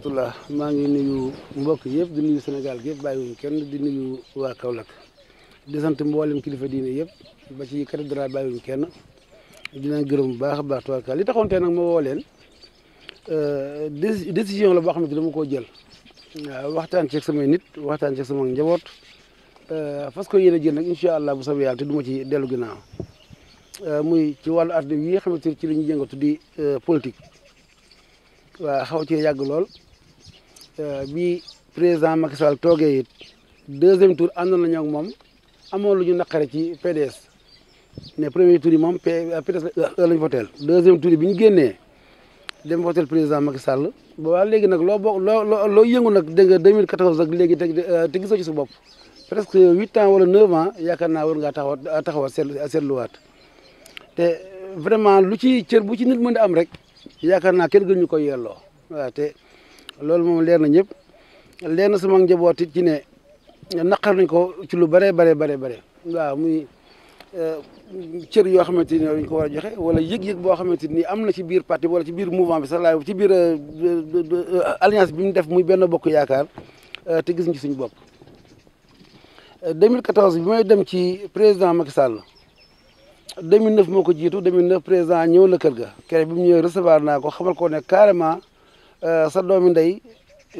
rahmatullah maa ngi nuyu mbokk yëpp di nuyu Sénégal gi yëpp bàyyiwuñ kenn di nuyu waa Kaolack di sant mboolem kilifa diine yëpp ba ci cathédrale bàyyiwuñ kenn dinañ gërëm bu baax a baax tubaarkaal li taxoon tey nag ma woo leen euh, la boo di dama ko jël waaw waxtaan ceeg samay nit waxtaan ceeg sama njaboot euh, fas ko yéen a jël nag incha allah bu soobee yàlla te du ma ci dellu ginnaaw euh, muy ci wàllu àdduna yi nga xamante ci la ñuy yëngatu di politique waa xaw cee yàgg lool bi président Macky Sall toogee it deuxième tour àndoon nañu ak moom amoon lu ñu naqare ci PDS mais premier tour yi moom PDS lañu voteel deuxième tour yi bi ñu génnee dem voteel président Macky Sall waa léegi nag loo bokk loo loo yëngu nag dégg nga 2014 ak léegi te gisoo ci sa bopp presque huit ans wala neuf ans yaakaar naa war ngaa taxawaat taxawaat seetlu seetluwaat te vraiment lu ci cër bu ci nit mën a am rek yaakaar naa kenn gën ñu koy yelloo waaw loolu moom leer na ñëpp leer na sama njaboot it ci ne naqar nañ ko ci lu bare bare bare bare waaw muy euh, cër yoo xamante ni dañ ko war a joxe wala yëg-yëg boo xamante ni am na ci biir parti wala ci biir mouvement bi sax ci biir euh, alliance bi mu def muy benn bokk yaakaar euh, te gis ñu suñu bopp 2014 bi may dem ci président Macky Sall 2009 moo ko jiitu 2009 président ñëw na kër ga kere bi mu ñëwee recevoir naa ko xamal ko ne carrément Euh, sa doomi ndey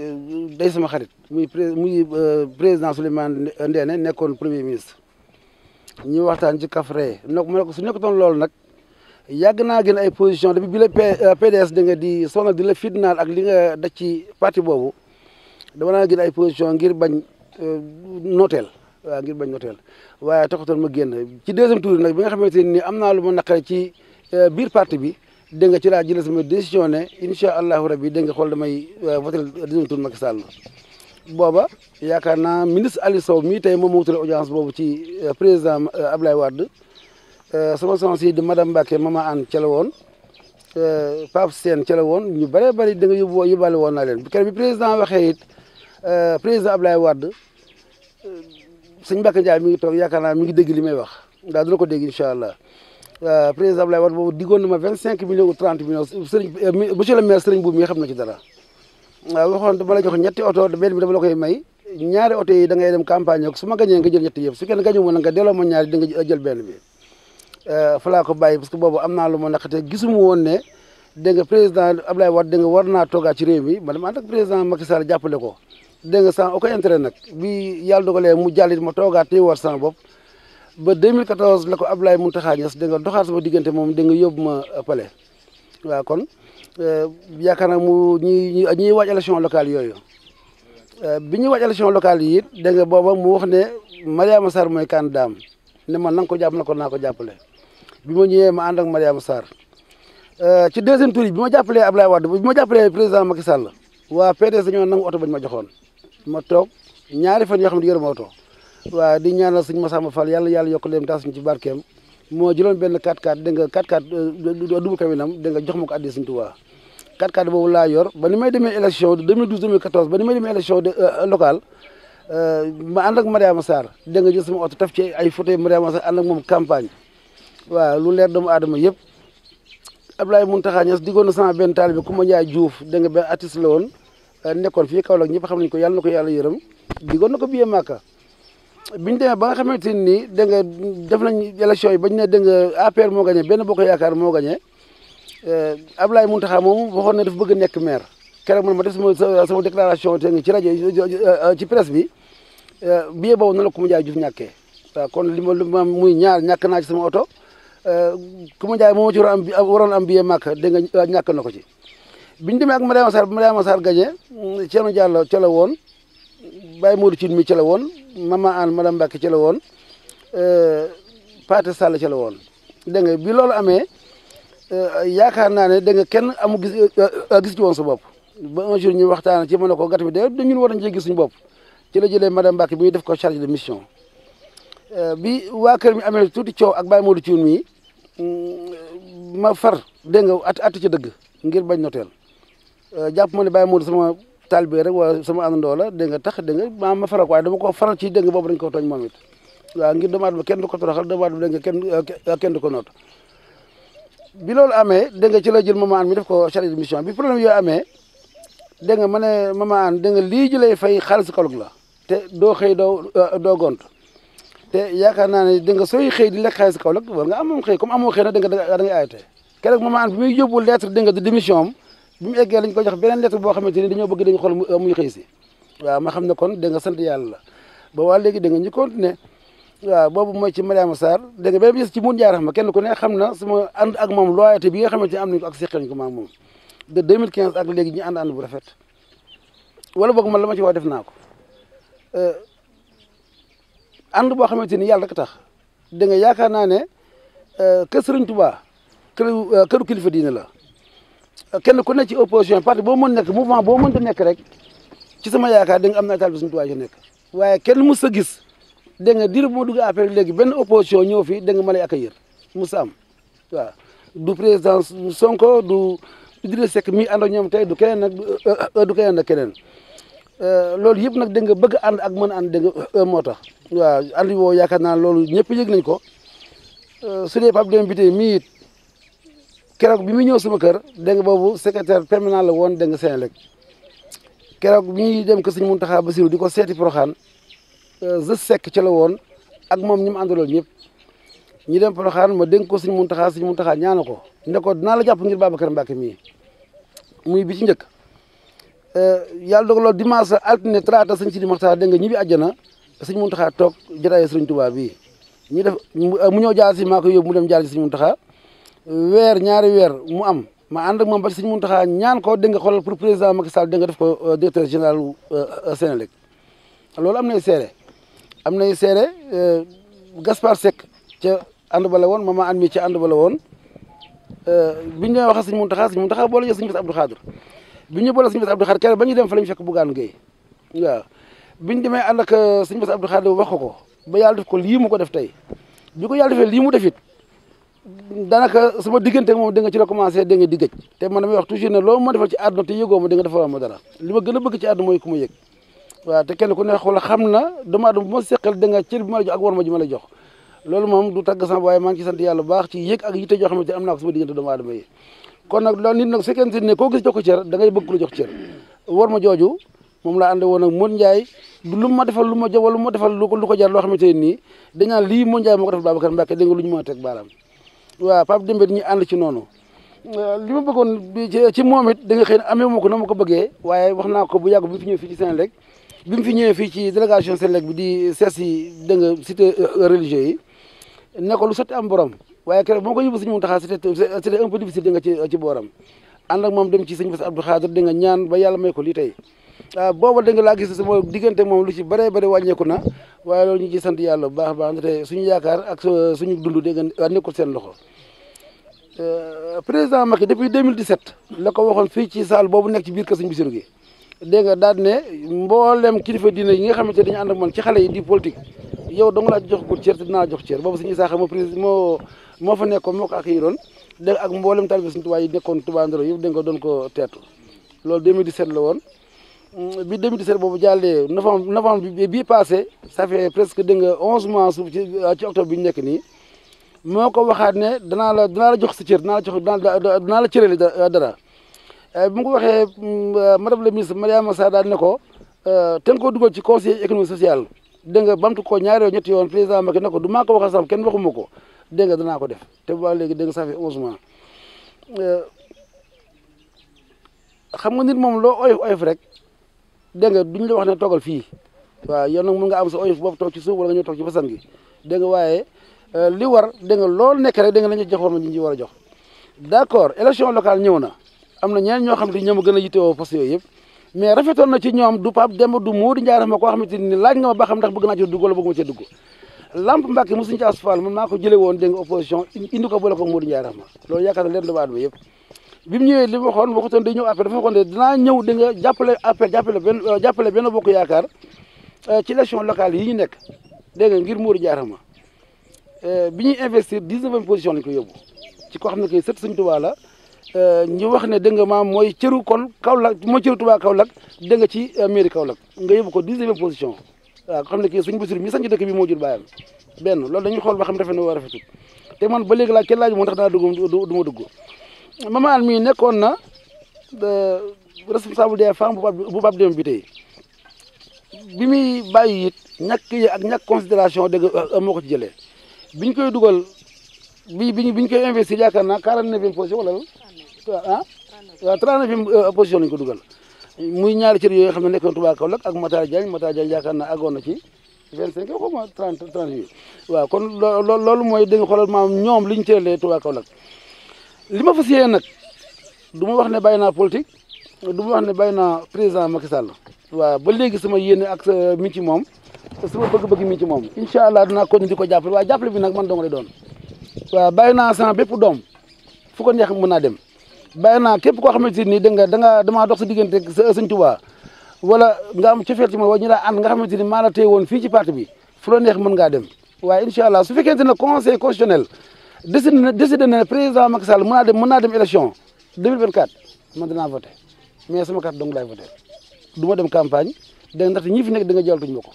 euh, day sama xarit muy muy euh, président Souleymane Ndéné nekkoon premier ministre ñu waxtaan ci Kaffrine nag ma ne ko su nekkutoon loolu nag yàgg naa gën ay position depuis bi la PDS da nga di sonal di la fitnaal ak li nga daj ci parti boobu dama naa gën ay position ngir bañ nooteel waaw ngir bañ nooteel waaye taxutoon ma génn ci deuxième tour nag bi nga xamante ni am naa lu ma naqare ci biir parti bi dégg nga ci laa jëlee sama décision ne incha allahu rabi dégg nga xool damay votel deuxième tour Macky Sall booba yaakaar naa ministre Aliou Sow mii tey moom moo wutale audience boobu ci euh, président euh, Ablaye Wade euh, sama sens yi di madame Mbacke mama Anne ca la woon Pape Sène ca woon ñu bëree bëri da nga yóbbu yóbbaale woon naa leen keroog bi président waxee it président Ablaye Wade sëñ Mbacke Ndiaye mi ngi toog yaakaar naa mi ngi dégg li may wax ndax dina ko dégg incha allah. Euh, président Abdoulaye Wade boobu diggoon na ma vingt cinq millions ou trente millions sëriñ euh, monsieur le sëriñ Boub mi xam na ci dara waxoon dama la jox ñetti oto benn bi dama la koy may ñaari oto yi da dem campagne su ma gañee nga jël ñetti yëpp su kenn gañu mo na nga delloo ma ñaari da nga jël benn bi euh, falaa ko bàyyi parce que boobu am naa lu ma naqate gisuma woon ne dégg président Abdoulaye Wade dégg nga war naa toogaa ci réew mi ma dem ànd ak président Macky Sall jàppale ko dégg nga sans aucun intérêt nag bi mu jàllit ma toogaat tey war sama ba 2014 la ko Abdoulaye mun Niass da nga doxaat sama diggante moom da nga yóbbu ma euh, palais waaw kon euh, yaakaar naa mu ñuy ñuy waaj élection locale yooyu euh, bi ñuy waaj élection locale yi it da nga booba mu wax ne Mariama Sarr mooy candidat am ne man na ko jàpp na ko naa ko jàppale bi ma ñëwee ma ànd ak Mariama Sarr ci deuxième tour yi bi ma jàppalee Abdoulaye Wade bi ma jàppalee président Macky Sall waa PDS dañoo nangu oto bañ ma joxoon ma toog ñaari fan yoo xam waaw di ñaanal suñu Massamba Fall yàlla yàlla yokk leen taas ñu ci barkeem moo jëloon benn 4-4 dégg nga 4-4 euh, double cabine-am dégg jox ma ko addi suñu Tuubaa 4-4 boobu laa yor ba ni may demee élection de 2012 2014 ba ni may demee élection de euh, locale euh, ma ànd ak Mariama nga jël sama oto taf ci ay photo Mariama moom campagne waaw lu leer doomu aadama yëpp Abdoulaye Mountakha Niass diggoon na sama benn taalibe Coumba Ndiaye Diouf dégg nga benn artiste la woon nekkoon fii Kaolack ñëpp xam nañu ko yàlla na ko yàlla yërëm diggoon na ko biyee Màkka bi ñu demee ba nga xamante ne nii da nga def nañ élection yi ba ñu ne da nga moo gagné benn bokk yaakaar moo gagné eh, Ablaye Mountakha moom waxoon na dafa bëgg nekk maire keroog man ma def sama sama déclaration te ci rajo eh, ci presse bi eh, billet boobu na la ku ma jaay juf ñàkkee waaw kon li ma li ma muy ñaar ñàkk naaj ci sama oto ku ma jaay moom ci waroon am waroon am billet màkk da nga ñàkk na ko ci. bi ñu demee ak Mariama Sarr Mariama Sarr gagné mm, Thierno Diallo ca la woon. Baye Modou Thine mi ci woon Mama Anne madame Mbacke ci woon euh, Pathé Sall ci woon dégg nga bi loolu amee euh, yaakaar naa ne dégg nga kenn amu gis euh, gis ci woon sa bopp ba un ñu waxtaan ci mën na ko gàtt bi de dañu war a gis suñu bopp ci la jëlee madame Mbacke bi ñu def ko chargé de mission bi waa mi amee tuuti coow ak bay Modou Thine mi mm, ma far dégg nga at at ci dëgg ngir bañ noteel jàpp ma ne Baye Modou sama. taalibe rek wala sama àndandoo la dégg nga tax dégg nga maa ma faral ko waaye dama ko faral ci dégg boobu dañ ko tooñ moom it waaw ngir demaat ba kenn du ko toroxal demaat ba bi loolu amee dégg nga ci la jël maman an mi def ko chargé mission bi problème yooyu amee dégg nga ma ne maman an dégg lii ji lay fay xaalis colloque la te doo xëy doo doo gont te naa ne dégg nga sooy xëy di lekk xaalis colloque war nga am moom xëy comme amoo xëy na dégg nga da ngay arrêté keroog maman an bi muy yóbbu lettre dégg nga de démission am bi mu eggee lañ ko jox beneen lettre boo xamante ni dañoo bëgg dañu xool euh, muy xëy si waaw ma xam ne kon da nga sant yàlla ba waa léegi da nga ñu continuer waaw boobu mooy ci Mariama Sarr da nga beneen bi ci mun jaarax ma kenn ku ne xam na sama ànd ak moom loyauté bi nga xamante ne am nañ ko ak seqal ñu ko maam moom de 2015 ak léegi ñu ànd ànd bu rafet wala boog man la ma ci waa def naa ko euh, ànd boo xamante ni yàlla rek tax danga yaakaar naa ne euh, kër Sëriñ Tuubaa kër kilifa diine la kenn ku nekk ci opposition parti boo mën nekk mouvement boo mën da nekk rek ci sama yaakaar da am na taal bi suñu tuwaay yu nekk waaye kenn mës a gis dégg nga diir bu ma dugg affaire léegi benn opposition ñëw fi da nga ma lay accueillir mës a am waaw du président Sonko du Idrissa Seck mi ànd ak ñoom tey du keneen nag euh, du keneen nag keneen euh, loolu yëpp nag da nga bëgg ànd ak mën a ànd da nga euh, moo tax waaw ànd woo yaakaar naa loolu ñëpp yëg nañ ko su dee Pape Demba Bitèye mii it keroog bi muy ñëw sama kër dégg nga boobu secrétaire permanent la woon dégg nga Senelec keroog bi ñuy dem ko sëñ Mountakha Bassirou di ko seeti Porokhane je sekk ci la woon ak moom ñi mu àndaloon ñëpp ñu dem Porokhane ma dénk ko sëñ Mountakha sëñ Mountakha ñaana ko ne ko dinaa la jàpp ngir Babacar Mbacke mii muy bi ci njëkk euh, yàlla dogaloon dimanche altine traité sëñ Sidi Mokhtar dégg nga ñibbi àjjana sëñ Mountakha toog jotaayu sëriñ Tuubaa bii ñu def euh, mu ñëw jaar si maa ko yóbbu mu dem jaar si sëñ Mountakha weer ñaari weer mu am ma ànd ak moom ba ci Serigne ñaan ko dégg nga xoolal pour président Macky Sall dégg nga def ko euh, directeur général euh, Sénélec loolu am na seere am nay seere euh, Gaspard Seck ca ànd ba la ma mama an mi ca ànd ba woon biñ doon wax Serigne Mountakha Serigne Mountakha boole ñu Serigne Bass Abdou Khadre bi ñu boole Serigne Bass Abdou Khadre kenn ba ñu dem fa la ñu fekk Bougane Gueye waaw biñ demee ànd ak Serigne Bass Abdou Khadre wax ko ko ba yàlla def ko lii mu ko def danaka sama diggante moom da nga ci la commencé da nga di gëj te man damay wax toujours ne loolu ma defal ci àdduna te yëgoo ma da nga defal ma dara li a xam na dama àdduna bu ma ma la jox ak ma ji ma la jox loolu moom du tàgg waaye maa ngi ci sant baax ci yëg ak yitte joo xamante am naa ko ne koo gis jox ko cër da ngay bëgg moom laa ànd woon ak Modou Ndiaye lu ma defal lu ma jowal lu ma defal lu ko jar loo xamante ne nii dañaan lii Modou Ndiaye moo ko defal Babacar Mbacke da lu ñu mën teg baaraam waaw Pape Demba ñu ànd ci noonu euh, li ma bëggoon ci moom it da xëy na amee ma ko na ma ko bëggee waaye wax naa ko bu yàgg bu mu fi ñëw fii ci Senelec bi mu fi ñëwee fii ci délégation Senelec bi di sees yi da nga cité euh, religieux yi ne sotti am borom waaye keroog moo ko yóbbu suñu taxaa c'était un peu difficile da nga ci ci booram ànd ak moom dem ci sëñ Bass Abdou Khadre da nga ñaan ba yàlla may ko lii Ah, booba da nga laa gis sama diggante moom lu ci bëree bëri wàññeeku na waaye loolu ñu ci sant yàlla bu baax baax suñu yaakaar ak suñu dund dégg nga nekkul seen loxo eh, président Macky depuis 2017 la ko waxoon fii ci salle boobu nekk ci biir kër Sëñ Bassirou ne mboolem kilifa diine yi nga xamante dañu ànd ak man ci xale yi di politique yow dong laa jox ko cër te dinaa jox cër boobu suñu saaxa moo président moo moo fa nekkoon moo ko ak yi doon dégg ak mboolem taalibe Sëñ Tuubaa nekkoon Tuubaa Ndoro yëpp dégg nga doon ko teetu loolu la woon bi 2017 boobu jàllee novembre novembre bii passé ça fait presque dégg nga onze mois suuf ci ci bi ñu nekk nii moo ko waxaat ne danaa la danaa la jox sa cër danaa la jox danaa la cërale dara euh, bi mu ko waxee euh, madame la ministre Mariama Sarr daal ne ko euh, ten nga ko dugal ci conseil économique social dégg nga bamtu ko ñaari yoon ñetti yoon président Macky ne ko du maa ko waxal sax kenn waxuma ko dégg nga danaa ko def te bu baax léegi dégg nga ça fait onze mois xam nga nit moom loo oyof oyof rek. dégg nga duñ la wax ne toogal fii waa yow nag mën nga am sa oyof bopp toog ci suuf wala nga ñëw toog ci fasan gi dégg waaye euh, li war dégg nga loolu nekk rek dégg la ñu jox war ma a jox d'accord élection locale ñëw na am na ñeneen ñoo xam te ñoom a gën a yittewoo fas yooyu yëpp mais rafetoon na ci ñoom du Pape Demba du Modou Ndiaye ma koo xamante ni laaj nga ma ba xam ndax bëgg naa ci dugg wala bëgguma ci dugg Lamp Mbacke mu suñu ci asfaal man woon dégg nga opposition indi ko boole ko Modou loolu yaakaar na leen doomu aadama yëpp bi mu ñëwee li mu waxoon waxutoon day ñëw APR dafa waxoon ne dinaa ñëw nga jàppale APR jàppale benn euh, jàppale benn bokk yaakaar euh, ci élection locale yi ñu nekk dégg nga ngir Mourou Diarama euh, bi ñuy investir dix-neuvième position ko yóbbu ci koo xam ne kay sët Sëñ Tuubaa la ñu wax ne dégg nga maam mooy cëru kon Kaolack mooy cëru Tuubaa Kaolack dégg nga ci mairie Kaolack nga yóbbu ko dix-neuvième position waaw xam ne kii suñu Basiru mi sañ ci dëkk bi moo jur baayam benn loolu dañuy xool ba xam rafet na wala rafetul te man ba léegi laa kenn laaj moo tax daa dugg du ma maman mii nekkoon na eh, responsable des femmes bu Pape Demba Bitèye bi muy bàyyi it ñàkk yi ak ñàkk considération dëgg eh, moo ko ci jëlee bi ñu koy dugal bi bi ñu koy investir yaakaar naa quarante neuvième position wala ah waaw trente neuvième eh, position la ñu ko dugal muy ñaari cër yooyu xam ne nekkoon Touba Kaolack ak Matar Diagne Matar Diagne yaakaar naa àggoon ci vingt cinq xaw ma trente trente huit waaw kon loolu mooy da nga xoolal maam ñoom li ñu cëralee Touba Kaolack li ma fas yéene nag du ma wax ne bàyyi naa politique du ma wax ne bàyyi na président Macky Sall waaw ba léegi sama yéene ak sa mi ci moom te sama bëgg-bëgg mi moom incha allah dinaa ko di ko jàppale waaye jàppale bi nag man dong lay doon waaw bàyyi naa sama bépp doom fu ko neex mun naa dem bàyyi naa képp koo xamante ni da nga da nga damaa dox sa diggante sa sëñ Tuubaa wala nga am cofeel ci ma wala ñu daa ànd nga xamante ni maa la téye woon fii ci parti bi fu mën ngaa dem waaye incha allah su fekkente ne conseil constitutionnel décidé na décidé na président Macky Sall mën naa dem mën naa dem élection 2024 man dinaa voté mais sama dong laay voté du dem campagne dégg ndaxte ñi fi nekk da nga joltuñ ma ko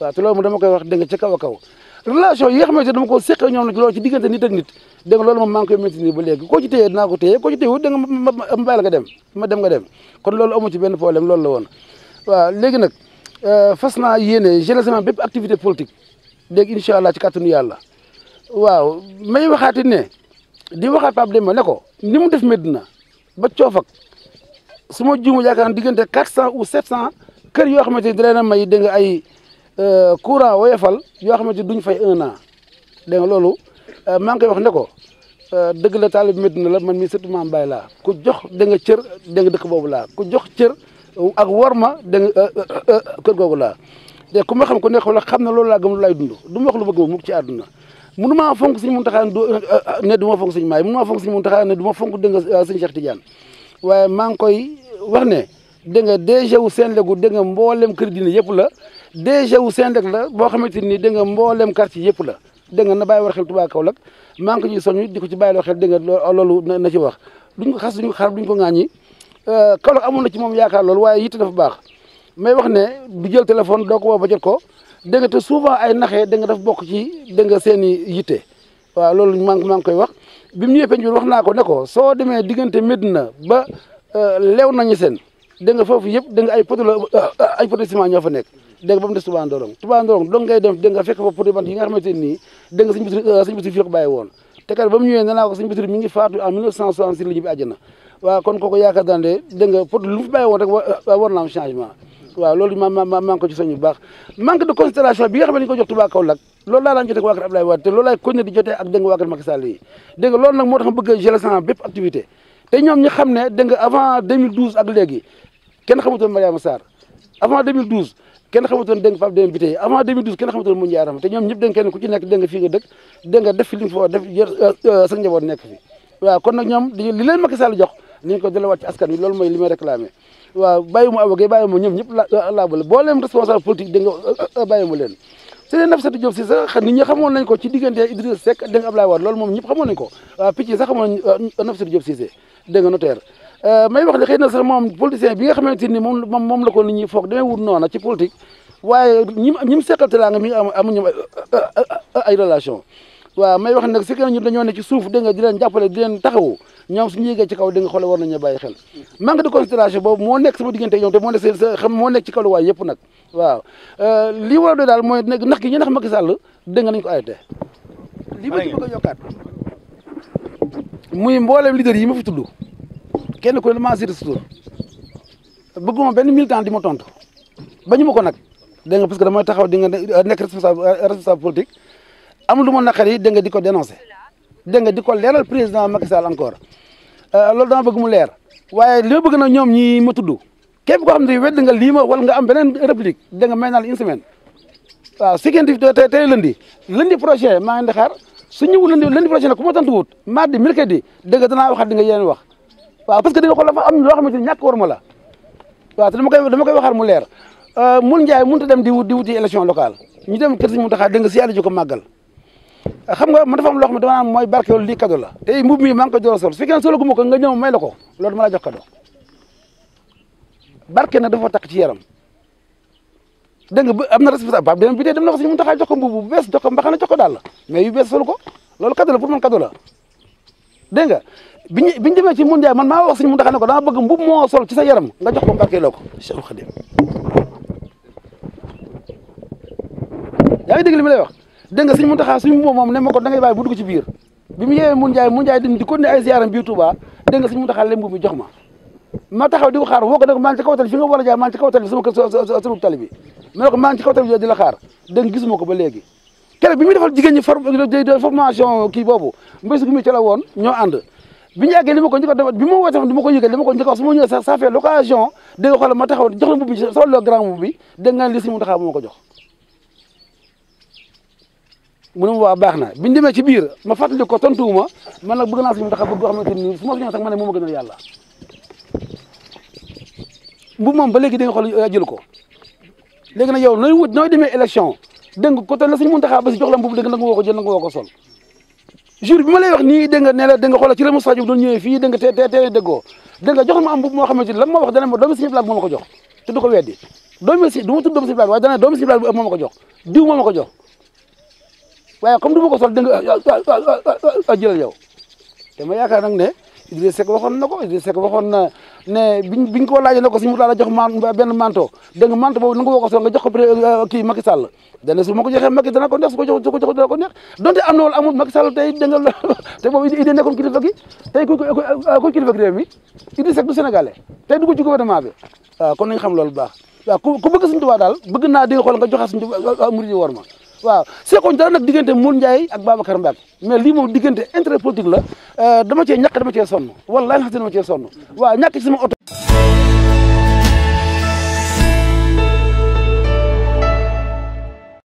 waaw te loolu moom dama koy wax dégg nga ca kaw a kaw relation yi nga xamante ne dama ko séqee ñoom loolu ci diggante nit ak nit dégg nga loolu moom maa ngi koy maintenir ba léegi ko ci téyewut da nga ma ma la nga dem ma dem nga dem kon loolu amu ci benn problème loolu la woon waaw léegi nag euh, fas naa yéene généralement bépp activité politique dégg incha ci kàttanu yàlla waaw may waxaati ne di waxaat Pape Demba ne ko ni mu def Medina ba coof su ma juumu yaakaar diggante quatre cent ou sept cent kër yoo xamante ne da leen a may dégg nga ay euh, courant woyofal yoo xamante ni duñ fay un an dégg nga loolu euh, maa ngi koy wax ne ko euh, dëgg la taalib Medina la man mii surtout maam Baye laa ku jox danga cër dégg dëkk boobu laa ko jox cër ak worma dégg nga kër googu laa te ku ma xam ku nekk la xam na loolu laa gëm lu laay dund du ma wax lu ma gëm ci àdduna munu maa fonk sëñ Muntaxa ne du ma fonk sëñ Maay munu maa fonk sëñ Muntaxa ne du fonk dégg nga euh, sëñ Cheikh waaye maa koy wax ne dégg nga DG wu seen legu dégg nga mboolem kër dina yëpp la DG wu seen leg la boo xamante ni dégg nga mboolem quartier yëpp la dégg nga na bàyyi war xel Touba Kaolack maa ngi ko ñuy soññ di ko ci bàyyiloo xel dégg nga loolu na ci wax duñ ko xas duñ ko xarab duñ ko ŋaañi euh, Kaolack amoon na ci moom yaakaar loolu waaye yitte dafa baax may wax ne du jël téléphone doo ko woo ba jot ko dégg nga te souvent ay naxee da nga daf bokk ci da nga seen i yitte waaw loolu maa ngi maa ngi koy wax bi mu ñëwee Penjul wax naa ko ne ko soo demee diggante Medina ba euh, lew nañu seen da nga foofu yëpp da nga ay poto la euh, ay poto ñoo fa nekk dégg ba mu des Touba yi nga euh, ko bàyyi woon te mu ñëwee nee naa ko sëñ Basiru mi ngi faatu en 1966 la waaw kon kooku yaakaar daan de da nga lu mu fi bàyyi woon rek war na am changement waaw loolu ma ma maa ngi ko ci soñ bu baax manque de considération bi nga xam ne dañu jox Touba Kaolack loolu laa daan jotee ak waa kër te loolu laay a gérer sama bépp activité avant 2012 ak kenn xamutoon Mariama Sarr avant 2012 kenn xamutoon dégg nga Pape Demba Biteye avant 2012 kenn te ñoom ñëpp dégg nga kenn ku ci nekk dégg nga fii nga dëkk def fi li def euh, euh, sa njaboot nekk fi waaw kon nag li leen Macky Sall jox ni ñu ko dalawaat ci askan wi loolu mooy li réclamer waaw bàyyi mu avocat bàyyi mu ñoom ñëpp la laabale boo leen responsable politique da nga euh, euh, bàyyi mu leen Serigne Nafissatou Diop ko diggante Idrissa Seck da nga moom ñëpp ko picc sax euh, xëy na bi nga xamante ni moom moom moom la ko nit ñi foog damay wut noona ci politique waaye ñi may wax nag si que ñun ne ci suuf da nga di leen jàppale di taxawu ñoom suñu yéegee ci kaw di nga xoole war nañu bàyyi xel manque de considération boobu moo nekk sama diggante ñoom te moo nekk sa xam moo ci kaw lu waay yëpp nag waaw euh, li war a daal mooy nag nax gi ñu nax Macky Sall dégg nga li ma ci bëgg a yokkaat muy mboolem yi ma fi tudd kenn ku ne maa si retour bëgguma benn militant di ma tontu bañu ma ko nag dégg nga parce que damay taxaw di nga nekk responsable responsable politique am lu ma naqari dégg nga di ko dénoncé dégg nga di ko leeral président Macky Sall encore euh, loolu dama bëgg mu leer waaye li bëgg na ñoom ñi ma tudd képp koo xam ne wedd nga lii ma wala nga am beneen réplique dégg nga may naa la une si ngeen di tey tey lundi lundi prochain maa ngi di xaar su ñëwul lundi lundi prochain nag ku ma tontu wut mardi mercredi dégg nga danaa waxaat di nga yéen wax waaw parce que di nga xool dafa am loo xamante ni ñàkk war ma la waaw te dama koy dama koy mu leer euh, mun Ndiaye mënut a dem di wut di wuti ñu dem kër si mu nga si yàlla ji ko màggal xam nga man dafa am loo xam ne dama naan mooy barkewul lii cadeau la te mbubb mi maa ngi ko door a sol su fekkee solo gu ma ko nga ñëw may la ko loolu dama la jox cadeau barke nag dafa takk ci yaram dégg nga am na responsable Pape Demba bi dee dem na ko si mu taxaa jox ko mbubb bu bees jox ko mbaxana jox ko daal la mais yu bees solo ko loolu cadeau la pour man cadeau la dégg nga bi ñu bi ñu demee ci mundial man maa wax suñu muntaxaan ne ko dama bëgg mbubb moo sol ci sa yaram nga jox ko barkeeloo ko Cheikh Khadim yaa ngi dégg li ma lay wax. dégg nga sëñ Muntaxa suñ boobu moom ne ma ko da bu dugg ci biir bi mu yeewee mun jaay mun jaay di continuer ma ma ko ne ko maa ngi ci kaw ma ne ba léegi keroog bi muy defal jigéen ñi formation woon ñoo a def bi mu taxaw ko jox mu ne ma waa baax na biñu demee ci biir ma fàttali ko tontuwuma man nag bëgg naa suñu taxa bëgg boo xamante ni su ma sañoon sax ma ne moom a gënal yàlla bu moom ba léegi da nga xool jël ko léegi nag yow nooy wut nooy demee élection dégg nga ko te la suñu mën taxaa ba si jox la mbubu dégg nga woo ko jël nga woo ko sol jour bi ma lay wax nii dégg nga ne la ci la Moussa Diop doon ñëwee fii dégg te te te déggoo dégg jox ma am mbubu moo xamante ni lan moo wax dana ma doomi suñu blague moo ma ko jox te du ko weddi waaye comme du ma ko sol dégg nga ah, ah, ah, jëlal yow dama yaakaar nag ne Idrissa Seck waxoon na ko Idrissa Seck waxoon na ne biñ biñ ko laajee ne ko suñu mu jox man benn manteau dégg nga manteau boobu na nga woo ko sol nga jox ko euh, kii Macky Sall dana su donte am na wala amul Macky Sall tey dégg nga te boobu Idé nekkoon kilifa gi tey ku ku kilifa mi Idrissa Seck du sénégalais tey du ko ci gouvernement bi waaw xam loolu baax waaw ku bëgg suñu tubaab daal bëgg naa di nga xool nga joxe suñu murid yi war ma waaw seekoñ dara nag diggante Mour Ndiaye ak Babacar Mbacke mais lii moom diggante intérêt politique la euh, dama cee ñàkk dama cee sonn wallaahi nga dama cee sonn waaw ñàkk ci sama oto